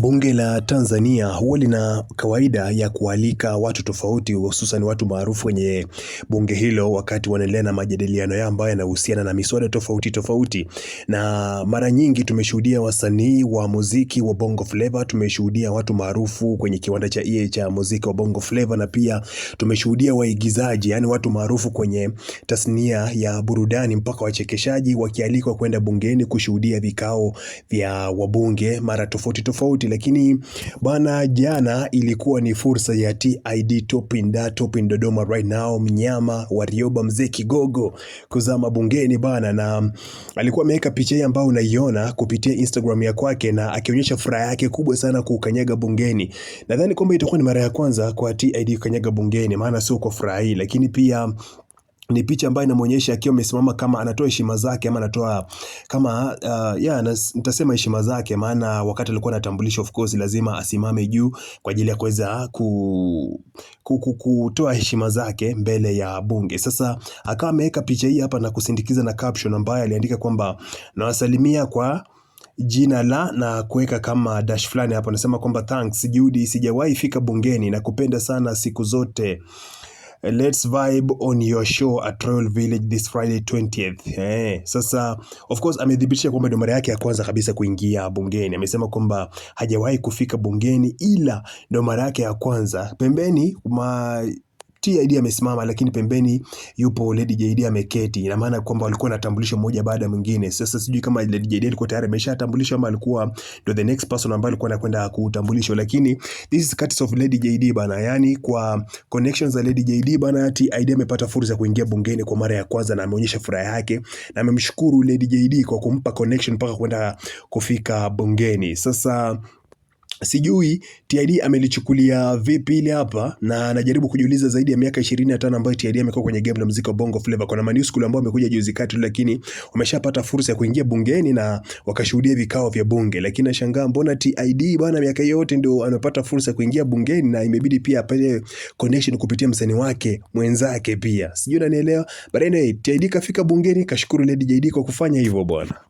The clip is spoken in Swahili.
Bunge la Tanzania huwa lina kawaida ya kualika watu tofauti, hususan watu maarufu kwenye bunge hilo, wakati wanaendelea na majadiliano yao ambayo yanahusiana na miswada tofauti tofauti, na mara nyingi tumeshuhudia wasanii wa muziki wa Bongo Flava, tumeshuhudia watu maarufu kwenye kiwanda cha EA cha muziki wa Bongo Flava, na pia tumeshuhudia waigizaji, yani watu maarufu kwenye tasnia ya burudani mpaka wachekeshaji wakialikwa kwenda bungeni kushuhudia vikao vya wabunge mara tofauti tofauti lakini bwana, jana ilikuwa ni fursa ya TID Topin da Topin Dodoma right now, mnyama Rioba mzee Kigogo kuzama bungeni bana, na alikuwa ameweka picha hii ambayo unaiona kupitia Instagram ya kwake, na akionyesha furaha yake kubwa sana kukanyaga bungeni. Nadhani kwamba itakuwa ni mara ya kwanza kwa TID kukanyaga bungeni, maana sio kwa furaha hii, lakini pia ni picha ambayo inamuonyesha akiwa amesimama kama anatoa heshima zake ama anatoa kama uh, yeah, nitasema heshima zake, maana wakati alikuwa anatambulisha, of course, lazima asimame juu kwa ajili ya kuweza ku, ku, ku, kutoa heshima zake mbele ya bunge. Sasa akawa ameweka picha hii hapa na kusindikiza na caption ambayo aliandika kwamba nawasalimia kwa jina la na kuweka kama dash fulani hapo, anasema kwamba thanks Judy, sijawahi fika bungeni na kupenda sana siku zote let's vibe on your show at Royal Village this Friday 20th. Eh, sasa of course amethibitisha kwamba ndio mara yake ya kwanza kabisa kuingia bungeni. Amesema kwamba hajawahi kufika bungeni ila ndio mara yake ya kwanza. Pembeni ma TID amesimama, lakini pembeni yupo Lady JD ameketi. Ina maana kwamba walikuwa na tambulisho moja baada ya mwingine. Sasa sijui kama Lady JD alikuwa tayari ameshatambulisha ama alikuwa ndo the next person ambaye alikuwa anakwenda kutambulishwa, lakini this is cuts of Lady JD bana, yani kwa connections za Lady JD bana, TID amepata fursa ya kuingia bungeni kwa mara ya kwanza na ameonyesha furaha yake na amemshukuru Lady JD kwa kumpa connection mpaka kwenda kufika bungeni. Sasa Sijui TID amelichukulia vipi ile hapa na anajaribu kujiuliza zaidi ya miaka 25 ambayo TID amekuwa kwenye game la muziki wa Bongo Flava. Kuna man school ambao wamekuja juzi kati, lakini wameshapata fursa ya kuingia bungeni na wakashuhudia vikao vya bunge, lakini nashangaa mbona TID bwana, miaka yote ndio amepata fursa ya kuingia bungeni na imebidi pia apate connection kupitia msanii wake mwenzake pia, sijui unanielewa. But anyway, TID kafika bungeni, kashukuru Lady JD kwa kufanya hivyo bwana.